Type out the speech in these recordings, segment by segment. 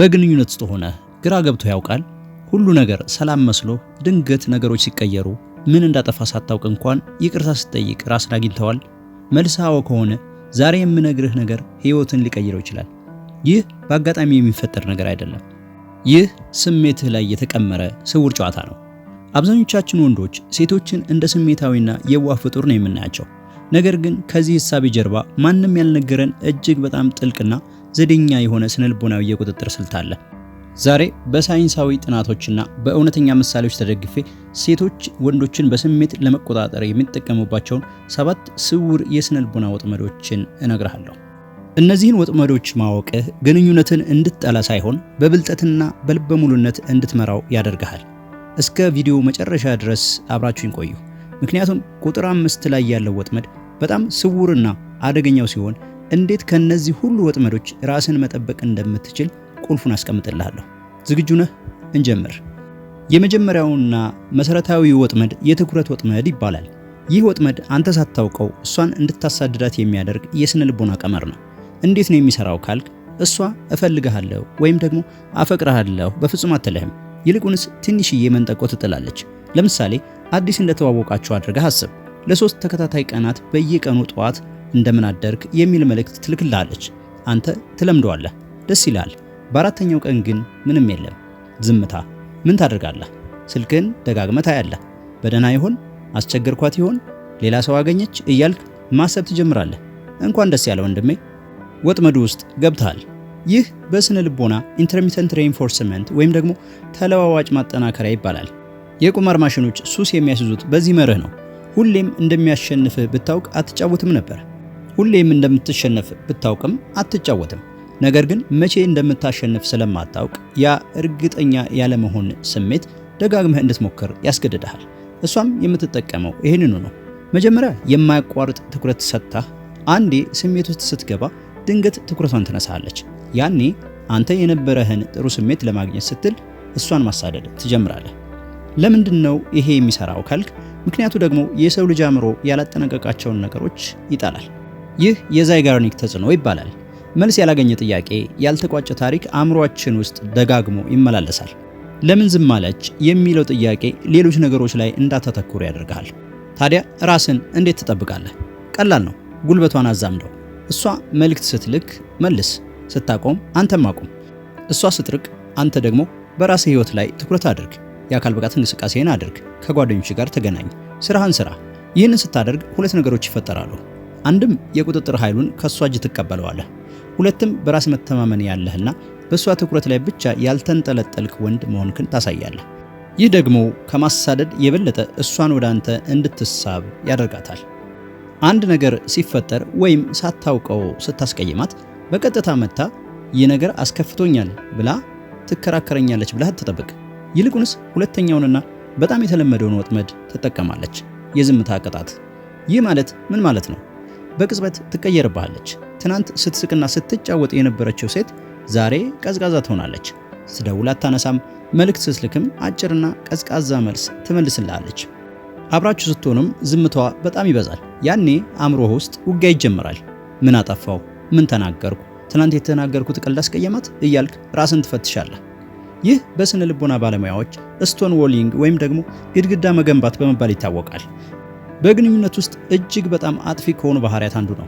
በግንኙነት ውስጥ ሆነ ግራ ገብቶ ያውቃል? ሁሉ ነገር ሰላም መስሎ ድንገት ነገሮች ሲቀየሩ ምን እንዳጠፋ ሳታውቅ እንኳን ይቅርታ ስትጠይቅ ራስን አግኝተዋል? መልስ አዎ ከሆነ ዛሬ የምነግርህ ነገር ህይወትን ሊቀይረው ይችላል። ይህ በአጋጣሚ የሚፈጠር ነገር አይደለም። ይህ ስሜትህ ላይ የተቀመረ ስውር ጨዋታ ነው። አብዛኞቻችን ወንዶች ሴቶችን እንደ ስሜታዊና የዋህ ፍጡር ነው የምናያቸው። ነገር ግን ከዚህ እሳቤ ጀርባ ማንም ያልነገረን እጅግ በጣም ጥልቅና ዘዴኛ የሆነ ስነልቦናዊ የቁጥጥር ስልት አለ። ዛሬ በሳይንሳዊ ጥናቶችና በእውነተኛ ምሳሌዎች ተደግፌ ሴቶች ወንዶችን በስሜት ለመቆጣጠር የሚጠቀሙባቸውን ሰባት ስውር የስነልቦና ወጥመዶችን እነግርሃለሁ። እነዚህን ወጥመዶች ማወቅህ ግንኙነትን እንድትጠላ ሳይሆን በብልጠትና በልበ ሙሉነት እንድትመራው ያደርግሃል። እስከ ቪዲዮ መጨረሻ ድረስ አብራችሁኝ ቆዩ፣ ምክንያቱም ቁጥር አምስት ላይ ያለው ወጥመድ በጣም ስውርና አደገኛው ሲሆን እንዴት ከነዚህ ሁሉ ወጥመዶች ራስን መጠበቅ እንደምትችል ቁልፉን አስቀምጥልሃለሁ። ዝግጁ ነህ? እንጀምር። የመጀመሪያውና መሰረታዊ ወጥመድ የትኩረት ወጥመድ ይባላል። ይህ ወጥመድ አንተ ሳታውቀው እሷን እንድታሳድዳት የሚያደርግ የስነ ልቦና ቀመር ነው። እንዴት ነው የሚሰራው ካልክ እሷ እፈልግሃለሁ ወይም ደግሞ አፈቅርሃለሁ በፍጹም አትልህም። ይልቁንስ ትንሽዬ መንጠቆ ትጥላለች። ለምሳሌ አዲስ እንደተዋወቃችሁ አድርገህ አስብ። ለሶስት ተከታታይ ቀናት በየቀኑ ጠዋት እንደምን አደርክ የሚል መልእክት ትልክልሃለች። አንተ ትለምደዋለህ፣ ደስ ይላል። በአራተኛው ቀን ግን ምንም የለም፣ ዝምታ። ምን ታደርጋለህ? ስልክን ደጋግመህ ታያለህ። በደህና ይሆን? አስቸገርኳት ይሆን? ሌላ ሰው አገኘች? እያልክ ማሰብ ትጀምራለህ። እንኳን ደስ ያለ ወንድሜ፣ ወጥመዱ ውስጥ ገብተሃል። ይህ በስነ ልቦና ኢንተርሚተንት ሬንፎርስመንት ወይም ደግሞ ተለዋዋጭ ማጠናከሪያ ይባላል። የቁማር ማሽኖች ሱስ የሚያስይዙት በዚህ መርህ ነው። ሁሌም እንደሚያሸንፍህ ብታውቅ አትጫወትም ነበር። ሁሌም እንደምትሸነፍ ብታውቅም አትጫወትም። ነገር ግን መቼ እንደምታሸንፍ ስለማታውቅ ያ እርግጠኛ ያለመሆን ስሜት ደጋግመህ እንድትሞክር ያስገድድሃል። እሷም የምትጠቀመው ይህንኑ ነው። መጀመሪያ የማያቋርጥ ትኩረት ሰጥታህ አንዴ ስሜት ውስጥ ስትገባ ድንገት ትኩረቷን ትነሳለች። ያኔ አንተ የነበረህን ጥሩ ስሜት ለማግኘት ስትል እሷን ማሳደድ ትጀምራለህ። ለምንድን ነው ይሄ የሚሰራው ካልክ፣ ምክንያቱ ደግሞ የሰው ልጅ አእምሮ ያላጠናቀቃቸውን ነገሮች ይጣላል። ይህ የዛይጋርኒክ ተጽዕኖ ይባላል። መልስ ያላገኘ ጥያቄ፣ ያልተቋጨ ታሪክ አእምሯችን ውስጥ ደጋግሞ ይመላለሳል። ለምን ዝም አለች የሚለው ጥያቄ ሌሎች ነገሮች ላይ እንዳታተኩሩ ያደርግሃል። ታዲያ ራስን እንዴት ትጠብቃለህ? ቀላል ነው። ጉልበቷን አዛምደው። እሷ መልእክት ስትልክ መልስ፣ ስታቆም አንተም አቁም። እሷ ስትርቅ አንተ ደግሞ በራስህ ህይወት ላይ ትኩረት አድርግ። የአካል ብቃት እንቅስቃሴን አድርግ። ከጓደኞች ጋር ተገናኝ። ስራህን ስራ። ይህንን ስታደርግ ሁለት ነገሮች ይፈጠራሉ። አንድም የቁጥጥር ኃይሉን ከእሷ እጅ ትቀበለዋለህ፣ ሁለትም በራስ መተማመን ያለህና በእሷ ትኩረት ላይ ብቻ ያልተንጠለጠልክ ወንድ መሆንክን ታሳያለህ። ይህ ደግሞ ከማሳደድ የበለጠ እሷን ወደ አንተ እንድትሳብ ያደርጋታል። አንድ ነገር ሲፈጠር ወይም ሳታውቀው ስታስቀይማት በቀጥታ መታ ይህ ነገር አስከፍቶኛል ብላ ትከራከረኛለች ብለህ አትጠብቅ። ይልቁንስ ሁለተኛውንና በጣም የተለመደውን ወጥመድ ትጠቀማለች፣ የዝምታ ቅጣት። ይህ ማለት ምን ማለት ነው? በቅጽበት ትቀየርብሃለች። ትናንት ስትስቅና ስትጫወጥ የነበረችው ሴት ዛሬ ቀዝቃዛ ትሆናለች። ስደውል አታነሳም፣ መልእክት ስስልክም አጭርና ቀዝቃዛ መልስ ትመልስልሃለች። አብራችሁ ስትሆንም ዝምቷ በጣም ይበዛል። ያኔ አእምሮህ ውስጥ ውጊያ ይጀምራል። ምን አጠፋው? ምን ተናገርኩ? ትናንት የተናገርኩት ቀልድ አስቀየማት? እያልክ ራስን ትፈትሻለህ። ይህ በስነ ልቦና ባለሙያዎች ስቶን ዎሊንግ ወይም ደግሞ ግድግዳ መገንባት በመባል ይታወቃል። በግንኙነት ውስጥ እጅግ በጣም አጥፊ ከሆኑ ባህሪያት አንዱ ነው።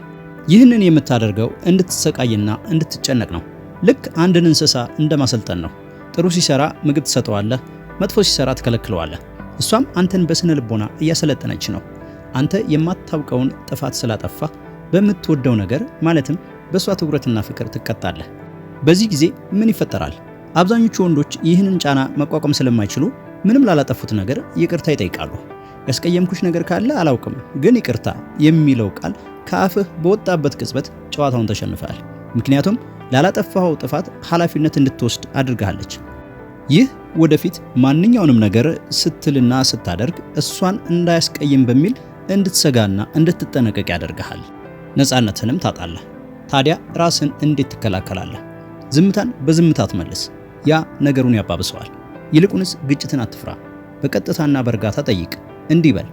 ይህንን የምታደርገው እንድትሰቃይና እንድትጨነቅ ነው። ልክ አንድን እንስሳ እንደማሰልጠን ነው። ጥሩ ሲሰራ ምግብ ትሰጠዋለህ፣ መጥፎ ሲሰራ ትከለክለዋለህ። እሷም አንተን በስነ ልቦና እያሰለጠነች ነው። አንተ የማታውቀውን ጥፋት ስላጠፋ በምትወደው ነገር ማለትም በእሷ ትኩረትና ፍቅር ትቀጣለህ። በዚህ ጊዜ ምን ይፈጠራል? አብዛኞቹ ወንዶች ይህንን ጫና መቋቋም ስለማይችሉ ምንም ላላጠፉት ነገር ይቅርታ ይጠይቃሉ። ያስቀየምኩሽ ነገር ካለ አላውቅም፣ ግን ይቅርታ የሚለው ቃል ከአፍህ በወጣበት ቅጽበት ጨዋታውን ተሸንፈሃል። ምክንያቱም ላላጠፋኸው ጥፋት ኃላፊነት እንድትወስድ አድርግሃለች። ይህ ወደፊት ማንኛውንም ነገር ስትልና ስታደርግ እሷን እንዳያስቀይም በሚል እንድትሰጋና እንድትጠነቀቅ ያደርግሃል። ነፃነትንም ታጣለህ። ታዲያ ራስን እንዴት ትከላከላለህ? ዝምታን በዝምታ አትመልስ። ያ ነገሩን ያባብሰዋል። ይልቁንስ ግጭትን አትፍራ። በቀጥታና በእርጋታ ጠይቅ። እንዲህ በል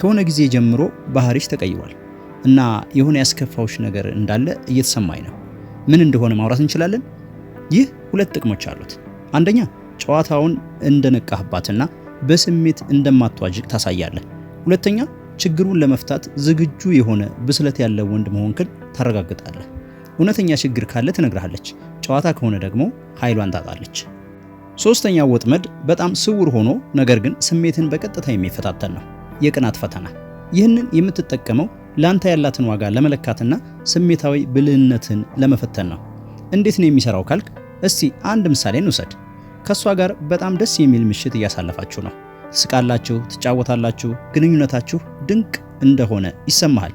ከሆነ ጊዜ ጀምሮ ባህሪሽ ተቀይሯል እና የሆነ ያስከፋውሽ ነገር እንዳለ እየተሰማኝ ነው። ምን እንደሆነ ማውራት እንችላለን? ይህ ሁለት ጥቅሞች አሉት። አንደኛ ጨዋታውን እንደነቃህባትና በስሜት እንደማትዋጅቅ ታሳያለህ። ሁለተኛ ችግሩን ለመፍታት ዝግጁ የሆነ ብስለት ያለው ወንድ መሆንክን ታረጋግጣለህ። እውነተኛ ችግር ካለ ትነግርሃለች። ጨዋታ ከሆነ ደግሞ ኃይሏን ታጣለች። ሶስተኛው ወጥመድ በጣም ስውር ሆኖ ነገር ግን ስሜትን በቀጥታ የሚፈታተን ነው፣ የቅናት ፈተና። ይህንን የምትጠቀመው ላንተ ያላትን ዋጋ ለመለካትና ስሜታዊ ብልህነትን ለመፈተን ነው። እንዴት ነው የሚሰራው ካልክ፣ እስቲ አንድ ምሳሌ እንውሰድ። ከእሷ ጋር በጣም ደስ የሚል ምሽት እያሳለፋችሁ ነው። ትስቃላችሁ፣ ትጫወታላችሁ፣ ግንኙነታችሁ ድንቅ እንደሆነ ይሰማሃል።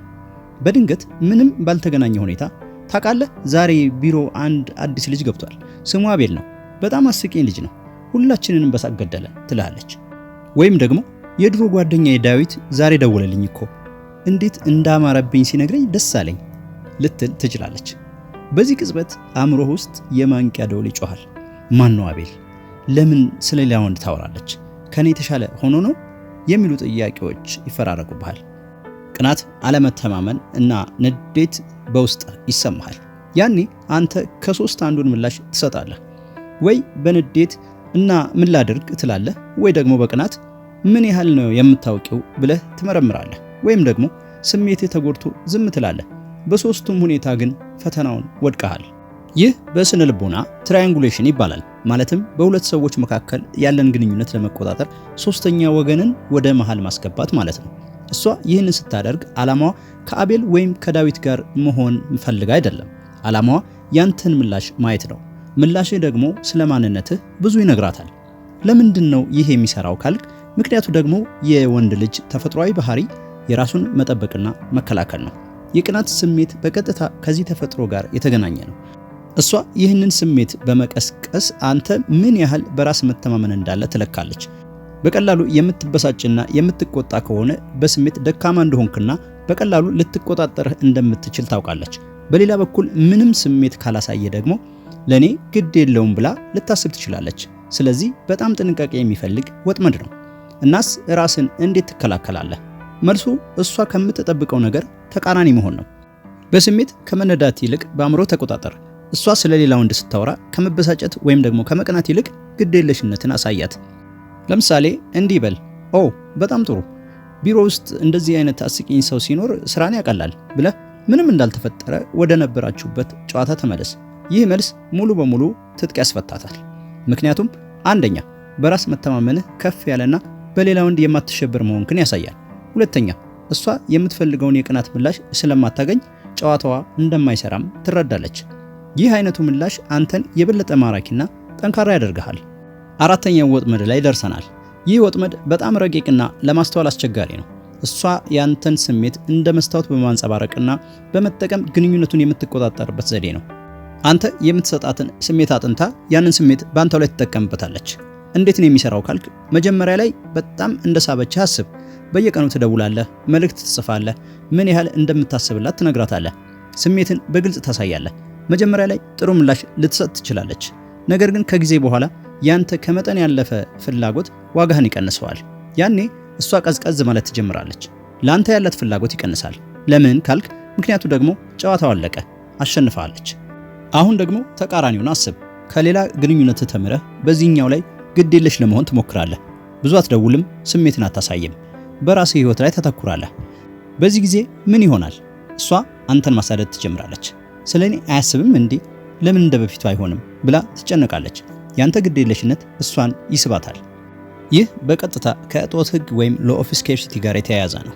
በድንገት ምንም ባልተገናኘ ሁኔታ ታውቃለህ፣ ዛሬ ቢሮ አንድ አዲስ ልጅ ገብቷል። ስሙ አቤል ነው። በጣም አስቂኝ ልጅ ነው፣ ሁላችንንም በሳቅ ገደለን ትላለች። ወይም ደግሞ የድሮ ጓደኛዬ ዳዊት ዛሬ ደወለልኝ እኮ እንዴት እንዳማረብኝ ሲነግረኝ ደስ አለኝ ልትል ትችላለች። በዚህ ቅጽበት አእምሮህ ውስጥ የማንቂያ ደውል ይጮኋል። ማን ነው አቤል? ለምን ስለ ሌላ ወንድ ታወራለች? ከኔ የተሻለ ሆኖ ነው የሚሉ ጥያቄዎች ይፈራረቁብሃል። ቅናት፣ አለመተማመን እና ንዴት በውስጥ ይሰማሃል። ያኔ አንተ ከሶስት አንዱን ምላሽ ትሰጣለህ። ወይ በንዴት እና ምን ላድርግ ትላለህ፣ ወይ ደግሞ በቅናት ምን ያህል ነው የምታውቂው ብለህ ትመረምራለህ፣ ወይም ደግሞ ስሜት ተጎድቶ ዝም ትላለህ። በሶስቱም ሁኔታ ግን ፈተናውን ወድቀሃል። ይህ በስነ ልቦና ትራያንጉሌሽን ይባላል። ማለትም በሁለት ሰዎች መካከል ያለን ግንኙነት ለመቆጣጠር ሶስተኛ ወገንን ወደ መሃል ማስገባት ማለት ነው። እሷ ይህንን ስታደርግ ዓላማዋ ከአቤል ወይም ከዳዊት ጋር መሆን ፈልጋ አይደለም። ዓላማዋ ያንተን ምላሽ ማየት ነው። ምላሽ ደግሞ ስለ ማንነትህ ብዙ ይነግራታል። ለምንድን ነው ይህ የሚሰራው ካልክ፣ ምክንያቱ ደግሞ የወንድ ልጅ ተፈጥሯዊ ባህሪ የራሱን መጠበቅና መከላከል ነው። የቅናት ስሜት በቀጥታ ከዚህ ተፈጥሮ ጋር የተገናኘ ነው። እሷ ይህንን ስሜት በመቀስቀስ አንተ ምን ያህል በራስ መተማመን እንዳለ ትለካለች። በቀላሉ የምትበሳጭና የምትቆጣ ከሆነ በስሜት ደካማ እንደሆንክና በቀላሉ ልትቆጣጠርህ እንደምትችል ታውቃለች። በሌላ በኩል ምንም ስሜት ካላሳየ ደግሞ ለእኔ ግድ የለውም ብላ ልታስብ ትችላለች። ስለዚህ በጣም ጥንቃቄ የሚፈልግ ወጥመድ ነው። እናስ ራስን እንዴት ትከላከላለህ? መልሱ እሷ ከምትጠብቀው ነገር ተቃራኒ መሆን ነው። በስሜት ከመነዳት ይልቅ በአእምሮ ተቆጣጠር። እሷ ስለ ሌላ ወንድ ስታወራ ከመበሳጨት ወይም ደግሞ ከመቅናት ይልቅ ግዴለሽነትን አሳያት። ለምሳሌ እንዲህ በል፣ ኦ በጣም ጥሩ ቢሮ ውስጥ እንደዚህ አይነት አስቂኝ ሰው ሲኖር ስራን ያቀላል ብለህ ምንም እንዳልተፈጠረ ወደ ነበራችሁበት ጨዋታ ተመለስ። ይህ መልስ ሙሉ በሙሉ ትጥቅ ያስፈታታል። ምክንያቱም አንደኛ በራስ መተማመንህ ከፍ ያለና በሌላ ወንድ የማትሸበር መሆንክን ያሳያል። ሁለተኛ እሷ የምትፈልገውን የቅናት ምላሽ ስለማታገኝ ጨዋታዋ እንደማይሰራም ትረዳለች። ይህ አይነቱ ምላሽ አንተን የበለጠ ማራኪና ጠንካራ ያደርግሃል። አራተኛው ወጥመድ ላይ ደርሰናል። ይህ ወጥመድ በጣም ረቂቅና ለማስተዋል አስቸጋሪ ነው። እሷ ያንተን ስሜት እንደ መስታወት በማንጸባረቅና በመጠቀም ግንኙነቱን የምትቆጣጠርበት ዘዴ ነው። አንተ የምትሰጣትን ስሜት አጥንታ ያንን ስሜት በአንተው ላይ ትጠቀምበታለች። እንዴት ነው የሚሰራው ካልክ መጀመሪያ ላይ በጣም እንደሳበች አስብ። በየቀኑ ትደውላለህ፣ መልእክት ትጽፋለህ፣ ምን ያህል እንደምታስብላት ትነግራታለህ። ስሜትን በግልጽ ታሳያለህ። መጀመሪያ ላይ ጥሩ ምላሽ ልትሰጥ ትችላለች። ነገር ግን ከጊዜ በኋላ ያንተ ከመጠን ያለፈ ፍላጎት ዋጋህን ይቀንሰዋል። ያኔ እሷ ቀዝቀዝ ማለት ትጀምራለች። ለአንተ ያላት ፍላጎት ይቀንሳል። ለምን ካልክ ምክንያቱ ደግሞ ጨዋታው አለቀ፣ አሸንፋለች። አሁን ደግሞ ተቃራኒውን አስብ። ከሌላ ግንኙነት ተምረህ በዚህኛው ላይ ግድ የለሽ ለመሆን ትሞክራለህ። ብዙ አትደውልም፣ ስሜትን አታሳይም፣ በራስህ ህይወት ላይ ታተኩራለህ። በዚህ ጊዜ ምን ይሆናል? እሷ አንተን ማሳደድ ትጀምራለች። ስለ እኔ አያስብም እንዴ? ለምን እንደ በፊቱ አይሆንም? ብላ ትጨነቃለች። ያንተ ግዴለሽነት እሷን ይስባታል። ይህ በቀጥታ ከእጦት ህግ ወይም ሎ ኦፍ ስኬርሲቲ ጋር የተያያዘ ነው።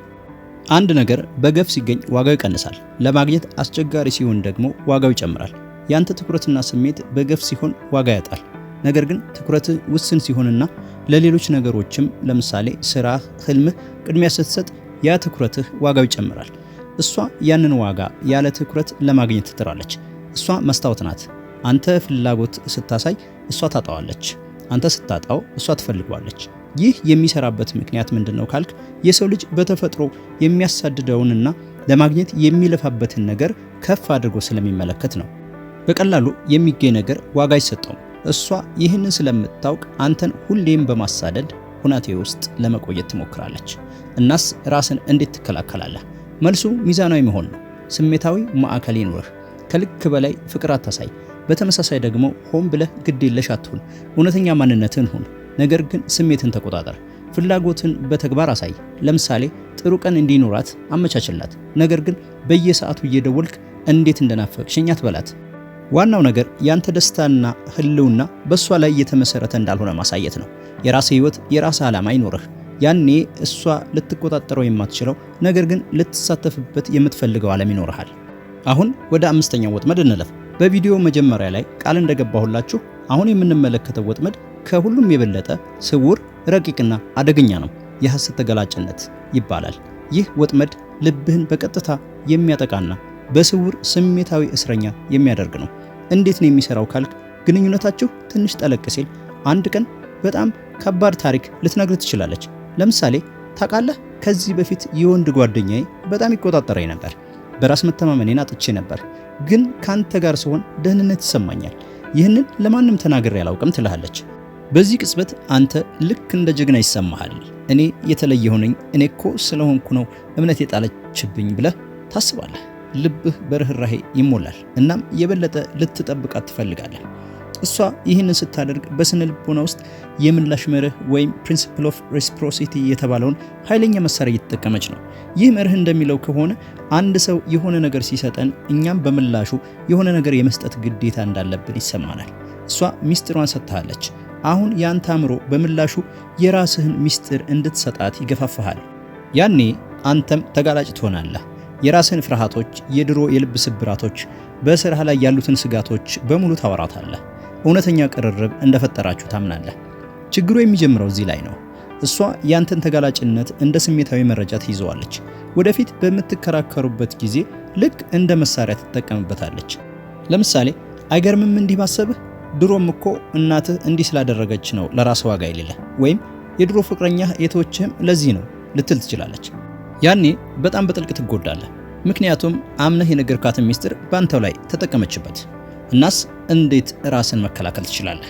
አንድ ነገር በገፍ ሲገኝ ዋጋው ይቀንሳል። ለማግኘት አስቸጋሪ ሲሆን ደግሞ ዋጋው ይጨምራል። ያንተ ትኩረትና ስሜት በገፍ ሲሆን ዋጋ ያጣል። ነገር ግን ትኩረትህ ውስን ሲሆንና ለሌሎች ነገሮችም ለምሳሌ ስራህ፣ ህልምህ ቅድሚያ ስትሰጥ ያ ትኩረትህ ዋጋው ይጨምራል። እሷ ያንን ዋጋ ያለ ትኩረት ለማግኘት ትጥራለች። እሷ መስታወት ናት። አንተ ፍላጎት ስታሳይ እሷ ታጣዋለች። አንተ ስታጣው እሷ ትፈልጓለች። ይህ የሚሰራበት ምክንያት ምንድን ነው ካልክ የሰው ልጅ በተፈጥሮ የሚያሳድደውንና ለማግኘት የሚለፋበትን ነገር ከፍ አድርጎ ስለሚመለከት ነው። በቀላሉ የሚገኝ ነገር ዋጋ አይሰጠውም። እሷ ይህንን ስለምታውቅ አንተን ሁሌም በማሳደድ ሁናቴ ውስጥ ለመቆየት ትሞክራለች። እናስ ራስን እንዴት ትከላከላለህ? መልሱ ሚዛናዊ መሆን ነው። ስሜታዊ ማዕከል ይኖርህ ከልክ በላይ ፍቅር አታሳይ። በተመሳሳይ ደግሞ ሆን ብለህ ግዴለሽ አትሁን። እውነተኛ ማንነትን ሁን፣ ነገር ግን ስሜትን ተቆጣጠር። ፍላጎትን በተግባር አሳይ። ለምሳሌ ጥሩ ቀን እንዲኖራት አመቻችላት፣ ነገር ግን በየሰዓቱ እየደወልክ እንዴት እንደናፈቅሽኝ አትበላት። ዋናው ነገር ያንተ ደስታና ህልውና በእሷ ላይ የተመሰረተ እንዳልሆነ ማሳየት ነው። የራስህ ህይወት፣ የራስ ዓላማ ይኖርህ። ያኔ እሷ ልትቆጣጠረው የማትችለው ነገር ግን ልትሳተፍበት የምትፈልገው ዓለም ይኖርሃል። አሁን ወደ አምስተኛው ወጥመድ እንለፍ። በቪዲዮ መጀመሪያ ላይ ቃል እንደገባሁላችሁ አሁን የምንመለከተው ወጥመድ ከሁሉም የበለጠ ስውር፣ ረቂቅና አደገኛ ነው። የሐሰት ተገላጭነት ይባላል። ይህ ወጥመድ ልብህን በቀጥታ የሚያጠቃና በስውር ስሜታዊ እስረኛ የሚያደርግ ነው። እንዴት ነው የሚሰራው ካልክ ግንኙነታችሁ ትንሽ ጠለቅ ሲል አንድ ቀን በጣም ከባድ ታሪክ ልትነግር ትችላለች። ለምሳሌ ታውቃለህ፣ ከዚህ በፊት የወንድ ጓደኛዬ በጣም ይቆጣጠረኝ ነበር። በራስ መተማመኔን አጥቼ ነበር፣ ግን ካንተ ጋር ስሆን ደህንነት ይሰማኛል። ይህንን ለማንም ተናግሬ አላውቅም ትልሃለች። በዚህ ቅጽበት አንተ ልክ እንደ ጀግና ይሰማሃል። እኔ የተለየ ሆነኝ፣ እኔ እኮ ስለሆንኩ ነው እምነት የጣለችብኝ ብለህ ታስባለህ። ልብህ በርኅራሄ ይሞላል። እናም የበለጠ ልትጠብቃት ትፈልጋለህ። እሷ ይህንን ስታደርግ በስነ ልቦና ውስጥ የምላሽ መርህ ወይም ፕሪንሲፕል ኦፍ ሬሲፕሮሲቲ የተባለውን ኃይለኛ መሳሪያ እየተጠቀመች ነው። ይህ መርህ እንደሚለው ከሆነ አንድ ሰው የሆነ ነገር ሲሰጠን እኛም በምላሹ የሆነ ነገር የመስጠት ግዴታ እንዳለብን ይሰማናል። እሷ ሚስጢሯን ሰጥታለች። አሁን ያንተ አእምሮ በምላሹ የራስህን ሚስጢር እንድትሰጣት ይገፋፋሃል። ያኔ አንተም ተጋላጭ ትሆናለህ። የራስን ፍርሃቶች፣ የድሮ የልብ ስብራቶች፣ በስራህ ላይ ያሉትን ስጋቶች በሙሉ ታወራታለህ። እውነተኛ ቅርርብ እንደፈጠራችሁ ታምናለህ። ችግሩ የሚጀምረው እዚህ ላይ ነው። እሷ ያንተን ተጋላጭነት እንደ ስሜታዊ መረጃ ትይዘዋለች። ወደፊት በምትከራከሩበት ጊዜ ልክ እንደ መሳሪያ ትጠቀምበታለች። ለምሳሌ አይገርምም እንዲህ ማሰብህ? ድሮም እኮ እናትህ እንዲህ ስላደረገች ነው ለራስ ዋጋ የሌለ ወይም የድሮ ፍቅረኛህ የተወችህም ለዚህ ነው ልትል ትችላለች። ያኔ በጣም በጥልቅ ትጎዳለህ። ምክንያቱም አምነህ የነገርካትን ሚስጥር በአንተው ላይ ተጠቀመችበት። እናስ እንዴት ራስን መከላከል ትችላለህ?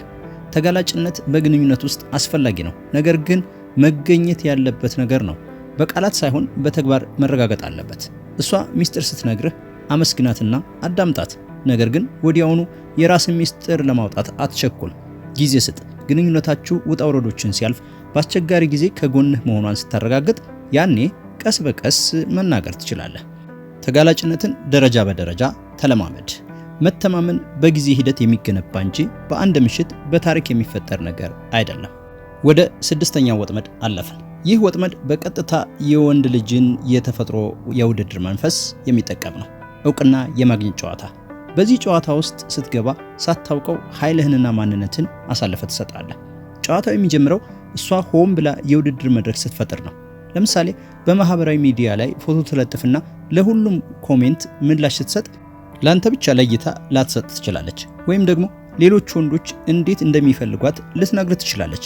ተጋላጭነት በግንኙነት ውስጥ አስፈላጊ ነው፣ ነገር ግን መገኘት ያለበት ነገር ነው። በቃላት ሳይሆን በተግባር መረጋገጥ አለበት። እሷ ሚስጥር ስትነግርህ አመስግናትና አዳምጣት። ነገር ግን ወዲያውኑ የራስን ሚስጥር ለማውጣት አትቸኩል። ጊዜ ስጥ። ግንኙነታችሁ ውጣ ውረዶችን ሲያልፍ በአስቸጋሪ ጊዜ ከጎንህ መሆኗን ስታረጋግጥ ያኔ ቀስ በቀስ መናገር ትችላለህ። ተጋላጭነትን ደረጃ በደረጃ ተለማመድ። መተማመን በጊዜ ሂደት የሚገነባ እንጂ በአንድ ምሽት በታሪክ የሚፈጠር ነገር አይደለም። ወደ ስድስተኛው ወጥመድ አለፍን። ይህ ወጥመድ በቀጥታ የወንድ ልጅን የተፈጥሮ የውድድር መንፈስ የሚጠቀም ነው፣ እውቅና የማግኘት ጨዋታ። በዚህ ጨዋታ ውስጥ ስትገባ ሳታውቀው ኃይልህንና ማንነትን አሳልፈ ትሰጣለህ። ጨዋታው የሚጀምረው እሷ ሆን ብላ የውድድር መድረክ ስትፈጥር ነው። ለምሳሌ በማህበራዊ ሚዲያ ላይ ፎቶ ትለጥፍና ለሁሉም ኮሜንት ምላሽ ስትሰጥ ለአንተ ብቻ ለይታ ላትሰጥ ትችላለች። ወይም ደግሞ ሌሎች ወንዶች እንዴት እንደሚፈልጓት ልትነግር ትችላለች።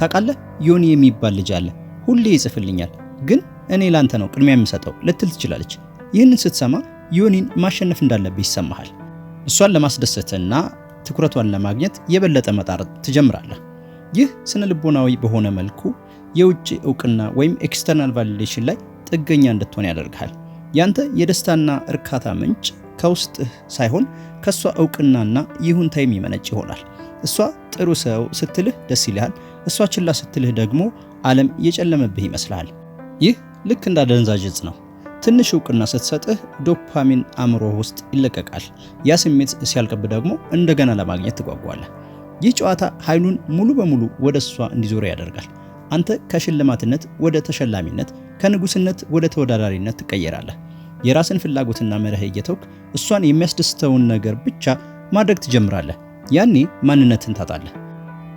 ታውቃለህ ዮኒ የሚባል ልጅ አለ፣ ሁሌ ይጽፍልኛል፣ ግን እኔ ላንተ ነው ቅድሚያ የምሰጠው ልትል ትችላለች። ይህንን ስትሰማ ዮኒን ማሸነፍ እንዳለብህ ይሰማሃል። እሷን ለማስደሰትና ትኩረቷን ለማግኘት የበለጠ መጣር ትጀምራለህ። ይህ ስነ ልቦናዊ በሆነ መልኩ የውጭ እውቅና ወይም ኤክስተርናል ቫሊዴሽን ላይ ጥገኛ እንድትሆን ያደርግሃል። ያንተ የደስታና እርካታ ምንጭ ከውስጥህ ሳይሆን ከእሷ እውቅናና ይሁንታ የሚመነጭ ይሆናል። እሷ ጥሩ ሰው ስትልህ ደስ ይልሃል። እሷ ችላ ስትልህ ደግሞ ዓለም የጨለመብህ ይመስልሃል። ይህ ልክ እንደ እጽ ነው። ትንሽ እውቅና ስትሰጥህ ዶፓሚን አእምሮ ውስጥ ይለቀቃል። ያ ስሜት ሲያልቅብ ደግሞ እንደገና ለማግኘት ትጓጓለህ። ይህ ጨዋታ ኃይሉን ሙሉ በሙሉ ወደ እሷ እንዲዞር ያደርጋል። አንተ ከሽልማትነት ወደ ተሸላሚነት፣ ከንጉስነት ወደ ተወዳዳሪነት ትቀየራለህ። የራስን ፍላጎትና መርህ እየተውክ እሷን የሚያስደስተውን ነገር ብቻ ማድረግ ትጀምራለህ። ያኔ ማንነትን ታጣለህ።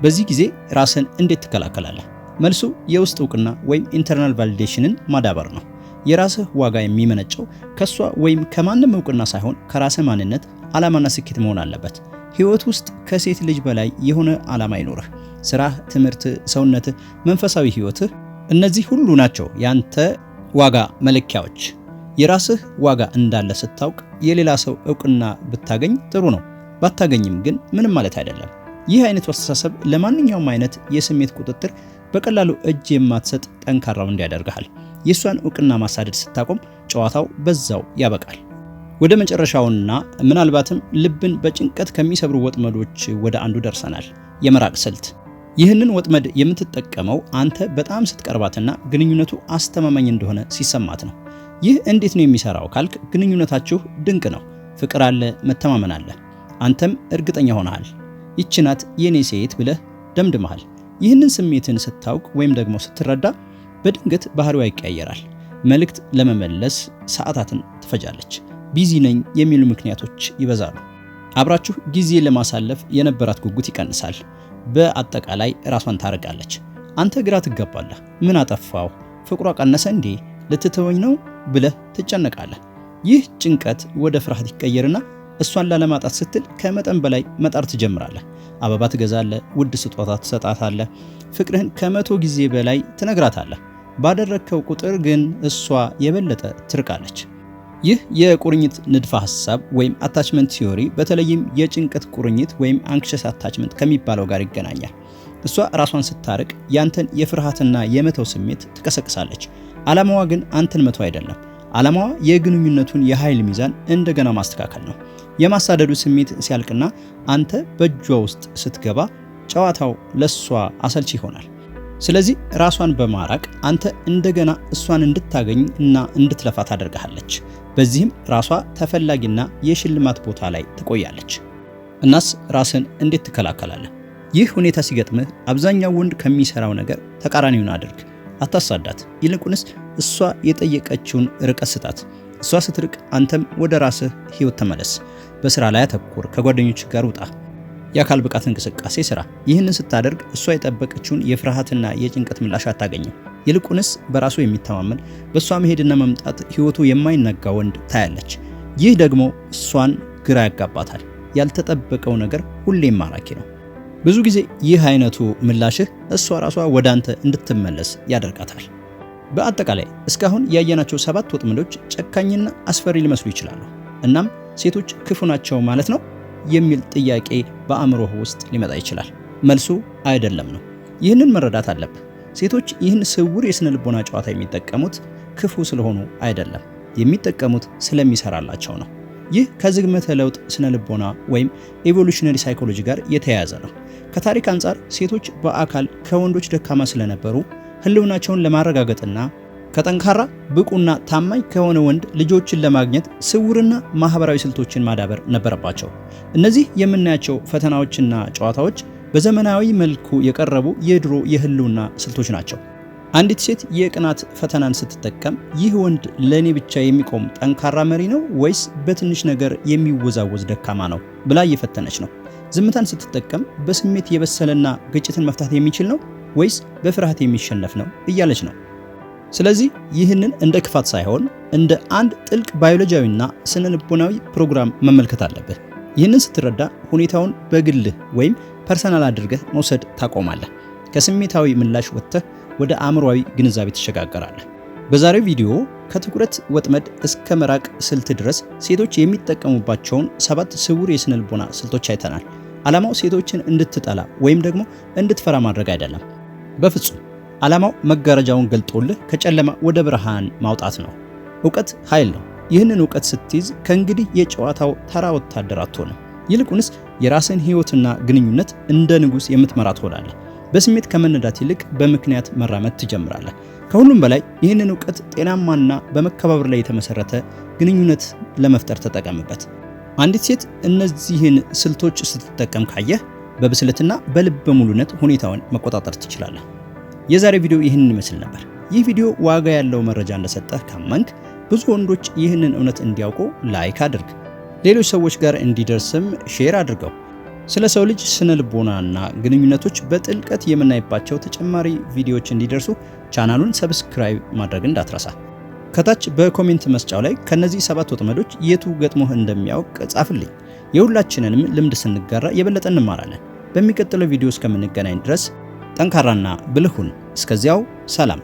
በዚህ ጊዜ ራስን እንዴት ትከላከላለህ? መልሱ የውስጥ እውቅና ወይም ኢንተርናል ቫሊዴሽንን ማዳበር ነው። የራስህ ዋጋ የሚመነጨው ከእሷ ወይም ከማንም እውቅና ሳይሆን ከራስህ ማንነት፣ ዓላማና ስኬት መሆን አለበት። ህይወት ውስጥ ከሴት ልጅ በላይ የሆነ ዓላማ ይኖርህ። ስራህ፣ ትምህርት፣ ሰውነትህ፣ መንፈሳዊ ህይወትህ፣ እነዚህ ሁሉ ናቸው ያንተ ዋጋ መለኪያዎች። የራስህ ዋጋ እንዳለ ስታውቅ የሌላ ሰው እውቅና ብታገኝ ጥሩ ነው። ባታገኝም ግን ምንም ማለት አይደለም። ይህ አይነት አስተሳሰብ ለማንኛውም አይነት የስሜት ቁጥጥር በቀላሉ እጅ የማትሰጥ ጠንካራው እንዲያደርግሃል። የእሷን እውቅና ማሳደድ ስታቆም ጨዋታው በዛው ያበቃል። ወደ መጨረሻውና ምናልባትም ልብን በጭንቀት ከሚሰብሩ ወጥመዶች ወደ አንዱ ደርሰናል፣ የመራቅ ስልት። ይህንን ወጥመድ የምትጠቀመው አንተ በጣም ስትቀርባትና ግንኙነቱ አስተማማኝ እንደሆነ ሲሰማት ነው። ይህ እንዴት ነው የሚሰራው ካልክ፣ ግንኙነታችሁ ድንቅ ነው፣ ፍቅር አለ፣ መተማመን አለ፣ አንተም እርግጠኛ ሆነሃል። ይቺ ናት የኔ ሴት ብለህ ደምድመሃል። ይህንን ስሜትን ስታውቅ ወይም ደግሞ ስትረዳ፣ በድንገት ባህሪዋ ይቀያየራል። መልእክት ለመመለስ ሰዓታትን ትፈጃለች። ቢዚ ነኝ የሚሉ ምክንያቶች ይበዛሉ። አብራችሁ ጊዜ ለማሳለፍ የነበራት ጉጉት ይቀንሳል። በአጠቃላይ ራሷን ታርቃለች። አንተ ግራ ትገባለህ ምን አጠፋው? ፍቅሯ ቀነሰ እንዴ? ልትተወኝ ነው ብለህ ትጨነቃለህ። ይህ ጭንቀት ወደ ፍርሃት ይቀየርና እሷን ላለማጣት ስትል ከመጠን በላይ መጣር ትጀምራለህ። አበባ ትገዛለህ፣ ውድ ስጦታ ትሰጣታለህ፣ ፍቅርህን ከመቶ ጊዜ በላይ ትነግራታለህ። ባደረግከው ቁጥር ግን እሷ የበለጠ ትርቃለች። ይህ የቁርኝት ንድፈ ሐሳብ ወይም አታችመንት ቲዮሪ በተለይም የጭንቀት ቁርኝት ወይም አንክሸስ አታችመንት ከሚባለው ጋር ይገናኛል። እሷ ራሷን ስታርቅ ያንተን የፍርሃትና የመተው ስሜት ትቀሰቅሳለች። ዓላማዋ ግን አንተን መተው አይደለም። ዓላማዋ የግንኙነቱን የኃይል ሚዛን እንደገና ማስተካከል ነው። የማሳደዱ ስሜት ሲያልቅና አንተ በእጇ ውስጥ ስትገባ ጨዋታው ለሷ አሰልች ይሆናል። ስለዚህ ራሷን በማራቅ አንተ እንደገና እሷን እንድታገኝ እና እንድትለፋ ታደርግሃለች። በዚህም ራሷ ተፈላጊና የሽልማት ቦታ ላይ ትቆያለች። እናስ ራስን እንዴት ትከላከላለህ? ይህ ሁኔታ ሲገጥምህ አብዛኛው ወንድ ከሚሰራው ነገር ተቃራኒውን አድርግ። አታሳዳት። ይልቁንስ እሷ የጠየቀችውን ርቀት ስጣት። እሷ ስትርቅ አንተም ወደ ራስህ ህይወት ተመለስ። በስራ ላይ አተኩር። ከጓደኞች ጋር ውጣ። የአካል ብቃት እንቅስቃሴ ስራ። ይህንን ስታደርግ እሷ የጠበቀችውን የፍርሃትና የጭንቀት ምላሽ አታገኝም። ይልቁንስ በራሱ የሚተማመን በእሷ መሄድና መምጣት ህይወቱ የማይነጋ ወንድ ታያለች። ይህ ደግሞ እሷን ግራ ያጋባታል። ያልተጠበቀው ነገር ሁሌም ማራኪ ነው። ብዙ ጊዜ ይህ አይነቱ ምላሽህ እሷ ራሷ ወደ አንተ እንድትመለስ ያደርጋታል። በአጠቃላይ እስካሁን ያየናቸው ሰባት ወጥመዶች ጨካኝና አስፈሪ ሊመስሉ ይችላሉ። እናም ሴቶች ክፉ ናቸው ማለት ነው የሚል ጥያቄ በአእምሮህ ውስጥ ሊመጣ ይችላል። መልሱ አይደለም ነው። ይህንን መረዳት አለብህ። ሴቶች ይህን ስውር የስነ ልቦና ጨዋታ የሚጠቀሙት ክፉ ስለሆኑ አይደለም፣ የሚጠቀሙት ስለሚሰራላቸው ነው። ይህ ከዝግመተ ለውጥ ስነ ልቦና ወይም ኤቮሉሽነሪ ሳይኮሎጂ ጋር የተያያዘ ነው። ከታሪክ አንጻር ሴቶች በአካል ከወንዶች ደካማ ስለነበሩ ህልውናቸውን ለማረጋገጥና ከጠንካራ ብቁና ታማኝ ከሆነ ወንድ ልጆችን ለማግኘት ስውርና ማህበራዊ ስልቶችን ማዳበር ነበረባቸው። እነዚህ የምናያቸው ፈተናዎችና ጨዋታዎች በዘመናዊ መልኩ የቀረቡ የድሮ የህልውና ስልቶች ናቸው። አንዲት ሴት የቅናት ፈተናን ስትጠቀም ይህ ወንድ ለእኔ ብቻ የሚቆም ጠንካራ መሪ ነው ወይስ በትንሽ ነገር የሚወዛወዝ ደካማ ነው ብላ እየፈተነች ነው። ዝምታን ስትጠቀም በስሜት የበሰለና ግጭትን መፍታት የሚችል ነው ወይስ በፍርሃት የሚሸነፍ ነው እያለች ነው። ስለዚህ ይህንን እንደ ክፋት ሳይሆን እንደ አንድ ጥልቅ ባዮሎጂያዊና ስነ ልቦናዊ ፕሮግራም መመልከት አለብህ። ይህንን ስትረዳ ሁኔታውን በግልህ ወይም ፐርሰናል አድርገህ መውሰድ ታቆማለህ። ከስሜታዊ ምላሽ ወጥተህ ወደ አእምሯዊ ግንዛቤ ትሸጋገራለህ። በዛሬው ቪዲዮ ከትኩረት ወጥመድ እስከ መራቅ ስልት ድረስ ሴቶች የሚጠቀሙባቸውን ሰባት ስውር የስነ ልቦና ስልቶች አይተናል። ዓላማው ሴቶችን እንድትጠላ ወይም ደግሞ እንድትፈራ ማድረግ አይደለም፣ በፍጹም። ዓላማው መጋረጃውን ገልጦልህ ከጨለማ ወደ ብርሃን ማውጣት ነው። እውቀት ኃይል ነው። ይህንን እውቀት ስትይዝ ከእንግዲህ የጨዋታው ተራ ወታደር አትሆንም። ይልቁንስ የራስን ህይወትና ግንኙነት እንደ ንጉስ የምትመራ ትሆናለህ። በስሜት ከመነዳት ይልቅ በምክንያት መራመድ ትጀምራለህ። ከሁሉም በላይ ይህንን እውቀት ጤናማና በመከባበር ላይ የተመሰረተ ግንኙነት ለመፍጠር ተጠቀምበት። አንዲት ሴት እነዚህን ስልቶች ስትጠቀም ካየህ በብስለትና በልበ ሙሉነት ሁኔታውን መቆጣጠር ትችላለህ። የዛሬ ቪዲዮ ይህንን ይመስል ነበር። ይህ ቪዲዮ ዋጋ ያለው መረጃ እንደሰጠህ ካመንክ ብዙ ወንዶች ይህንን እውነት እንዲያውቁ ላይክ አድርግ። ሌሎች ሰዎች ጋር እንዲደርስም ሼር አድርገው። ስለ ሰው ልጅ ስነ ልቦናና ግንኙነቶች በጥልቀት የምናይባቸው ተጨማሪ ቪዲዮዎች እንዲደርሱ ቻናሉን ሰብስክራይብ ማድረግ እንዳትረሳ። ከታች በኮሜንት መስጫው ላይ ከነዚህ ሰባት ወጥመዶች የቱ ገጥሞህ እንደሚያውቅ ጻፍልኝ። የሁላችንንም ልምድ ስንጋራ የበለጠ እንማራለን። በሚቀጥለው ቪዲዮ እስከምንገናኝ ድረስ ጠንካራና ብልህ ሁን። እስከዚያው ሰላም።